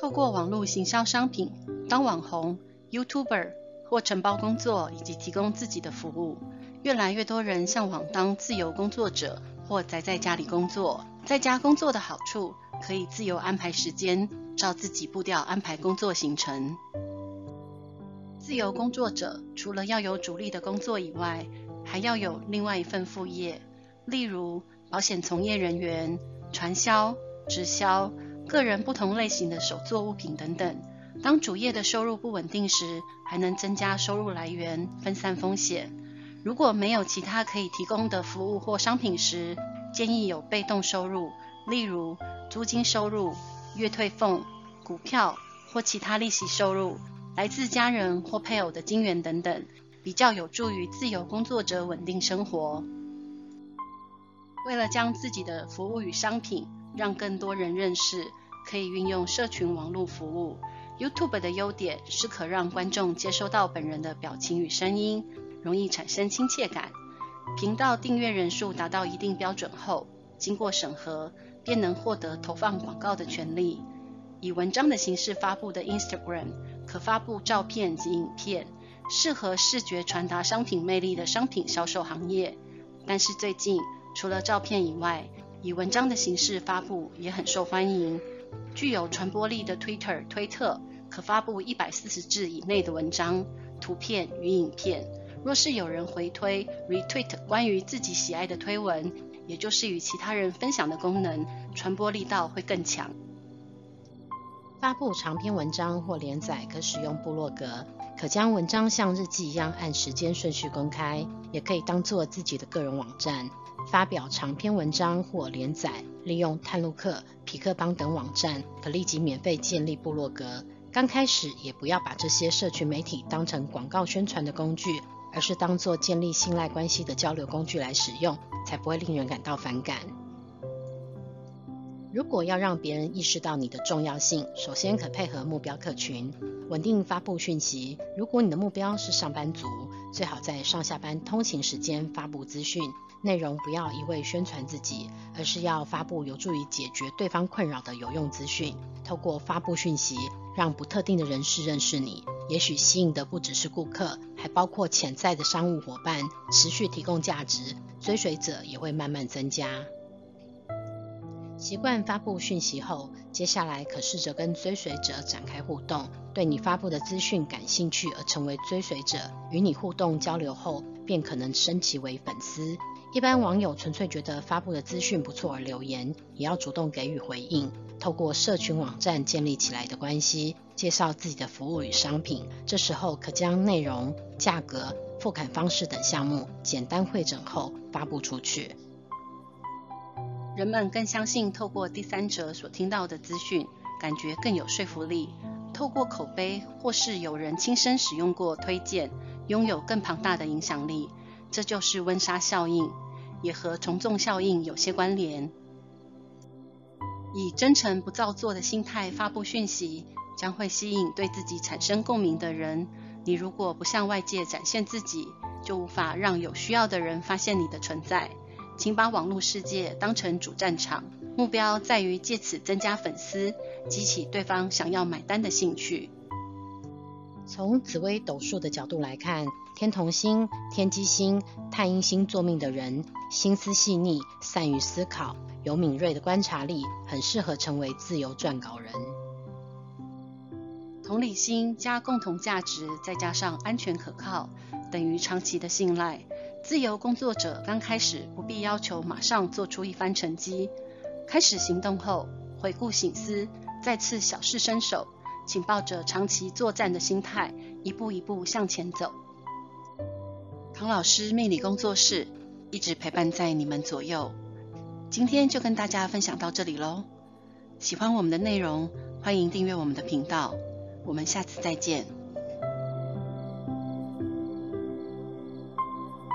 透過網絡行銷商品、當網紅、YouTuber 或承包工作，以及提供自己的服務，越來越多人嚮往當自由工作者或宅在家裡工作。在家工作的好處，可以自由安排時間，照自己步調安排工作行程。自由工作者除了要有主力的工作以外，還要有另外一份副業，例如保險從業人員、傳銷、直銷。個人不同類型的手作物品等等。當主業的收入不穩定時，還能增加收入來源，分散風險。如果沒有其他可以提供的服務或商品時，建議有被動收入，例如租金收入、月退俸、股票或其他利息收入，來自家人或配偶的金援等等，比較有助於自由工作者穩定生活。為了將自己的服務與商品，讓更多人認識，可以運用社群網絡服務。YouTube 的優點是可讓觀眾接收到本人的表情與聲音，容易產生親切感。頻道訂閱人數達到一定標準後，經過審核，便能獲得投放廣告的權利。以文章的形式發布的 Instagram，可發布照片及影片，適合視覺傳達商品魅力的商品銷售行業。但是最近，除了照片以外，以文章的形式發布也很受歡迎，具有傳播力的 Twitter, Twitter 推特可發布一百四十字以內的文章、圖片與影片。若是有人回推 Retweet 關於自己喜愛的推文，也就是與其他人分享的功能，傳播力道會更強。發布長篇文章或連載可使用部落格。可將文章像日記一樣按時間順序公開，也可以當作自己的個人網站，發表長篇文章或連載。利用探路客、皮克邦等網站，可立即免費建立部落格。剛開始也不要把這些社群媒體當成廣告宣傳的工具，而是當作建立信賴關係的交流工具來使用，才不會令人感到反感。如果要讓別人意識到你的重要性，首先可配合目標客群，穩定發布訊息。如果你的目標是上班族，最好在上下班通勤時間發布資訊。內容不要一味宣傳自己，而是要發布有助於解決對方困擾的有用資訊。透過發布訊息，讓不特定的人士認識你，也許吸引的不只是顧客，還包括潛在的商務伙伴。持續提供價值，追隨者也會慢慢增加。習慣發布訊息後，接下來可試着跟追隨者展開互動，對你發布的資訊感興趣而成為追隨者。與你互動交流後，便可能升級為粉絲。一般網友純粹覺得發布的資訊不錯而留言，也要主動給予回應。透過社群網站建立起來的關係，介紹自己的服務與商品。這時候可將內容、價格、付款方式等項目簡單彙整後發布出去。人們更相信透過第三者所聽到的資訊，感覺更有說服力。透過口碑或是有人親身使用過推薦，擁有更龐大的影響力。這就是溫莎效應，也和從眾效應有些關聯。以真誠不造作的心態發布訊息，將會吸引對自己產生共鳴的人。你如果不向外界展現自己，就無法讓有需要的人發現你的存在。請把網絡世界當成主戰場，目標在於借此增加粉絲，激起對方想要買單的興趣。從紫微斗數的角度來看，天同星、天機星、太陰星坐命的人，心思細膩，善於思考，有敏銳的觀察力，很適合成為自由撰稿人。同理心加共同價值，再加上安全可靠，等於長期的信賴。自由工作者剛開始不必要求馬上做出一番成績，開始行動後回顧省思，再次小試身手，請抱着長期作戰的心態，一步一步向前走。唐老師命理工作室一直陪伴在你們左右，今天就跟大家分享到這裡嘍。喜歡我們的內容，歡迎訂閱我們的頻道，我們下次再見。